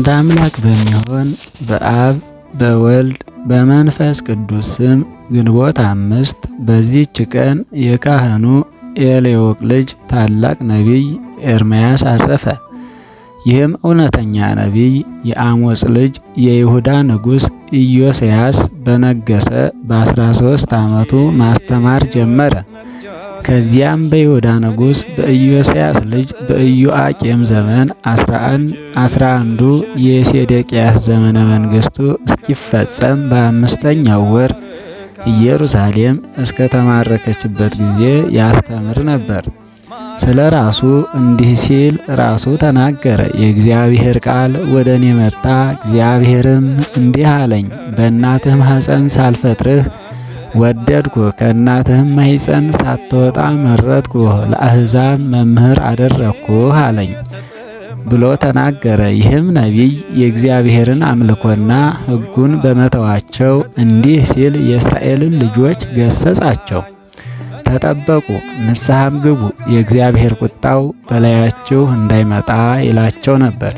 እንደ አምላክ በሚሆን በአብ በወልድ በመንፈስ ቅዱስ ስም ግንቦት አምስት በዚህች ቀን የካህኑ ኤሌዎቅ ልጅ ታላቅ ነቢይ ኤርምያስ አረፈ። ይህም እውነተኛ ነቢይ የአሞጽ ልጅ የይሁዳ ንጉሥ ኢዮስያስ በነገሰ በ13 ዓመቱ ማስተማር ጀመረ። ከዚያም በይሁዳ ንጉሥ በኢዮስያስ ልጅ በኢዮአቄም ዘመን አስራ አንዱ የሴዴቅያስ ዘመነ መንግስቱ እስኪፈጸም በአምስተኛው ወር ኢየሩሳሌም እስከ ተማረከችበት ጊዜ ያስተምር ነበር። ስለ ራሱ እንዲህ ሲል ራሱ ተናገረ። የእግዚአብሔር ቃል ወደ እኔ መጣ። እግዚአብሔርም እንዲህ አለኝ፣ በእናትህ ማኅፀን ሳልፈጥርህ ወደድኩ ከእናትህም ማኅፀን ሳትወጣ መረጥኩ ለአሕዛብ መምህር አደረግኩህ አለኝ ብሎ ተናገረ። ይህም ነቢይ የእግዚአብሔርን አምልኮና ሕጉን በመተዋቸው እንዲህ ሲል የእስራኤልን ልጆች ገሰጻቸው። ተጠበቁ፣ ንስሐም ግቡ፣ የእግዚአብሔር ቁጣው በላያችሁ እንዳይመጣ ይላቸው ነበር።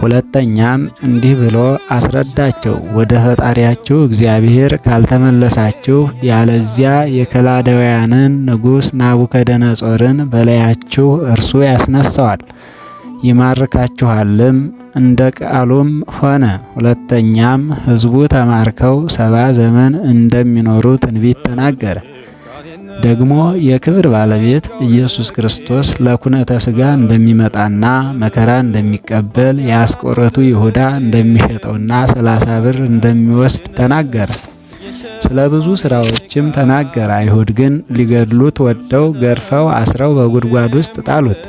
ሁለተኛም እንዲህ ብሎ አስረዳቸው፣ ወደ ፈጣሪያችሁ እግዚአብሔር ካልተመለሳችሁ ያለዚያ የከላዳውያንን ንጉሥ ናቡከደነጾርን በላያችሁ እርሱ ያስነሳዋል ይማርካችኋልም፣ እንደ ቃሉም ሆነ። ሁለተኛም ሕዝቡ ተማርከው ሰባ ዘመን እንደሚኖሩ ትንቢት ተናገረ። ደግሞ የክብር ባለቤት ኢየሱስ ክርስቶስ ለኩነተ ሥጋ እንደሚመጣና መከራ እንደሚቀበል የአስቆረቱ ይሁዳ እንደሚሸጠውና ሰላሳ ብር እንደሚወስድ ተናገረ። ስለ ብዙ ስራዎችም ተናገረ። አይሁድ ግን ሊገድሉት ወደው ገርፈው አስረው በጉድጓድ ውስጥ ጣሉት።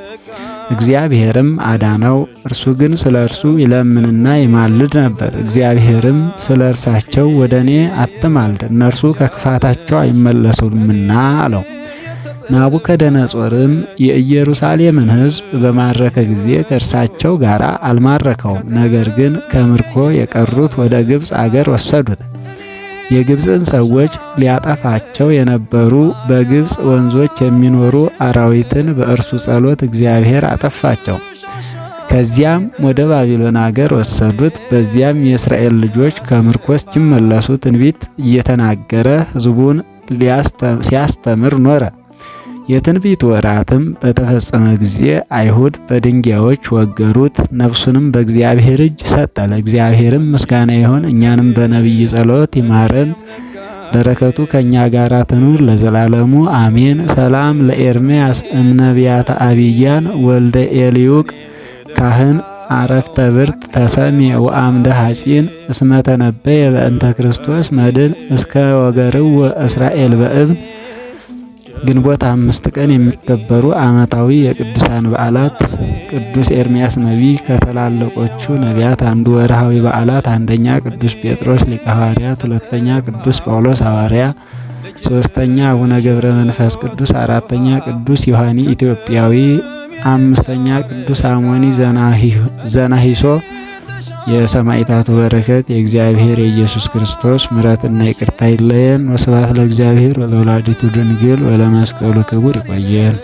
እግዚአብሔርም አዳነው። እርሱ ግን ስለ እርሱ ይለምንና ይማልድ ነበር። እግዚአብሔርም ስለ እርሳቸው ወደ እኔ አትማልድ፣ እነርሱ ከክፋታቸው አይመለሱምና አለው። ናቡከደነጾርም የኢየሩሳሌምን ሕዝብ በማረከ ጊዜ ከእርሳቸው ጋር አልማረከውም። ነገር ግን ከምርኮ የቀሩት ወደ ግብፅ አገር ወሰዱት። የግብፅን ሰዎች ሊያጠፋቸው የነበሩ በግብፅ ወንዞች የሚኖሩ አራዊትን በእርሱ ጸሎት እግዚአብሔር አጠፋቸው። ከዚያም ወደ ባቢሎን አገር ወሰዱት። በዚያም የእስራኤል ልጆች ከምርኮስ ሲመለሱ ትንቢት እየተናገረ ሕዝቡን ሲያስተምር ኖረ። የትንቢት ወራትም በተፈጸመ ጊዜ አይሁድ በድንጋዮች ወገሩት፣ ነፍሱንም በእግዚአብሔር እጅ ሰጠ። ለእግዚአብሔርም ምስጋና ይሁን፣ እኛንም በነቢይ ጸሎት ይማረን፣ በረከቱ ከእኛ ጋር ትኑር ለዘላለሙ አሜን። ሰላም ለኤርምያስ እምነቢያተ አብያን ወልደ ኤልዩቅ ካህን አረፍተ ብርት ተሰሚ ወአምደ ሐጺን እስመ ተነበየ በእንተ ክርስቶስ መድን እስከ ወገርው እስራኤል በእብን ግንቦት አምስት ቀን የሚከበሩ ዓመታዊ የቅዱሳን በዓላት ቅዱስ ኤርምያስ ነቢይ ከተላለቆቹ ነቢያት አንዱ። ወርሃዊ በዓላት አንደኛ ቅዱስ ጴጥሮስ ሊቀ ሐዋርያት፣ ሁለተኛ ቅዱስ ጳውሎስ ሐዋርያ፣ ሶስተኛ አቡነ ገብረ መንፈስ ቅዱስ፣ አራተኛ ቅዱስ ዮሐኒ ኢትዮጵያዊ፣ አምስተኛ ቅዱስ አሞኒ ዘናሂሶ የሰማዕታቱ በረከት የእግዚአብሔር የኢየሱስ ክርስቶስ ምሕረትና ይቅርታ ይለየን። ወስብሐት ለእግዚአብሔር ወለወላዲቱ ድንግል ወለመስቀሉ ክቡር። ይቆየን።